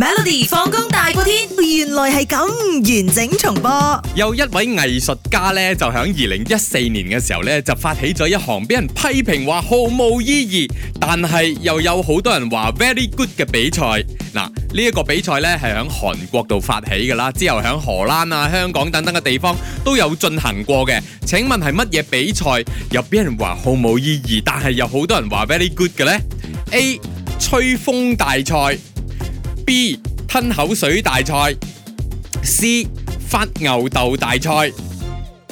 Melody 放工大過天，原來係咁完整重播。有一位藝術家咧，就喺二零一四年嘅時候咧，就發起咗一項俾人批評話毫無意義，但係又有好多人話 very good 嘅比賽。嗱，呢一個比賽咧係喺韓國度發起噶啦，之後喺荷蘭啊、香港等等嘅地方都有進行過嘅。請問係乜嘢比賽？又俾人話毫無意義，但係有好多人話 very good 嘅呢？A 吹風大賽。B 吞口水大賽，C 發牛豆大賽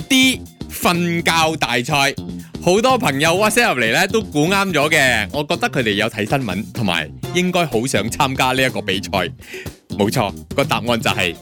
，D 瞓覺大賽。好多朋友 WhatsApp 入嚟咧都估啱咗嘅，我覺得佢哋有睇新聞，同埋應該好想參加呢一個比賽。冇錯，個答案就係、是。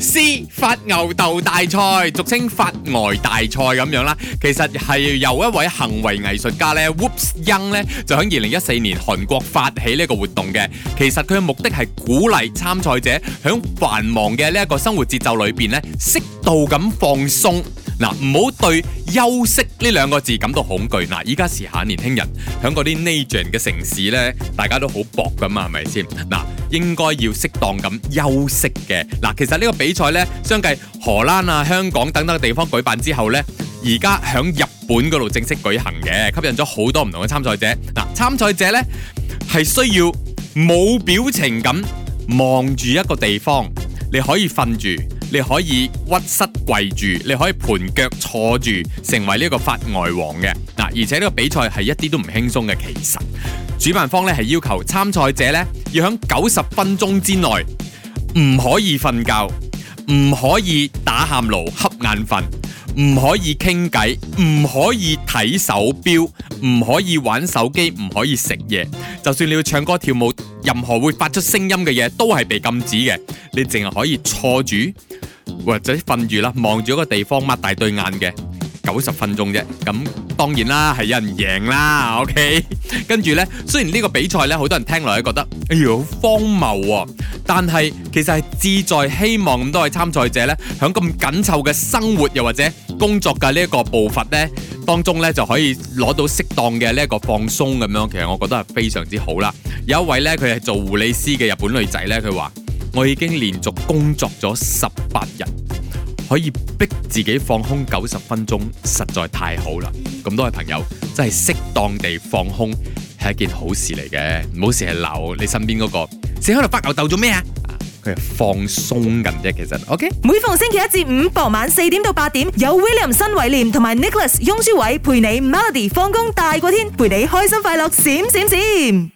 思發牛豆大賽，俗稱發呆大賽咁樣啦，其實係由一位行為藝術家咧 Whoops Young 咧，就喺二零一四年韓國發起呢個活動嘅。其實佢嘅目的係鼓勵參賽者喺繁忙嘅呢一個生活節奏裏邊咧，適度咁放鬆。嗱，唔好對休息呢兩個字感到恐懼。嗱，依家時下年輕人喺嗰啲呢邊嘅城市呢，大家都好搏㗎嘛，係咪先？嗱，應該要適當咁休息嘅。嗱，其實呢個比賽呢，相繼荷蘭啊、香港等等嘅地方舉辦之後呢，而家響日本嗰度正式舉行嘅，吸引咗好多唔同嘅參賽者。嗱，參賽者呢，係需要冇表情咁望住一個地方，你可以瞓住。你可以屈膝跪住，你可以盤腳坐住，成為呢個法外王嘅。嗱，而且呢個比賽係一啲都唔輕鬆嘅。其實主辦方呢係要求參賽者呢要喺九十分鐘之內唔可以瞓覺，唔可以打喊露、瞌眼瞓，唔可以傾偈，唔可以睇手表，唔可以玩手機，唔可以食嘢。就算你要唱歌跳舞，任何會發出聲音嘅嘢都係被禁止嘅。你淨係可以坐住。或者瞓住啦，望住、呃、一個地方，擘大對眼嘅九十分鐘啫。咁當然啦，係有人贏啦，OK。 跟住呢，雖然呢個比賽呢，好多人聽落呢覺得，哎喲，好荒謬啊、哦。但係其實係志在希望咁多位參賽者呢，響咁緊湊嘅生活又或者工作嘅呢一個步伐呢，當中呢就可以攞到適當嘅呢一個放鬆咁樣。其實我覺得係非常之好啦。有一位呢，佢係做護理師嘅日本女仔呢，佢話。我已經連續工作咗十八日，可以逼自己放空九十分鐘，實在太好啦！咁多位朋友真係適當地放空係一件好事嚟嘅。唔好成日鬧你身邊嗰個，成日喺度發吽哣做咩啊？佢係放鬆緊啫，其實。OK，每逢星期一至五傍晚四點到八點，有 William 新偉廉同埋 Nicholas 翁舒偉陪你 Melody 放工大過天，陪你開心快樂閃閃閃閃。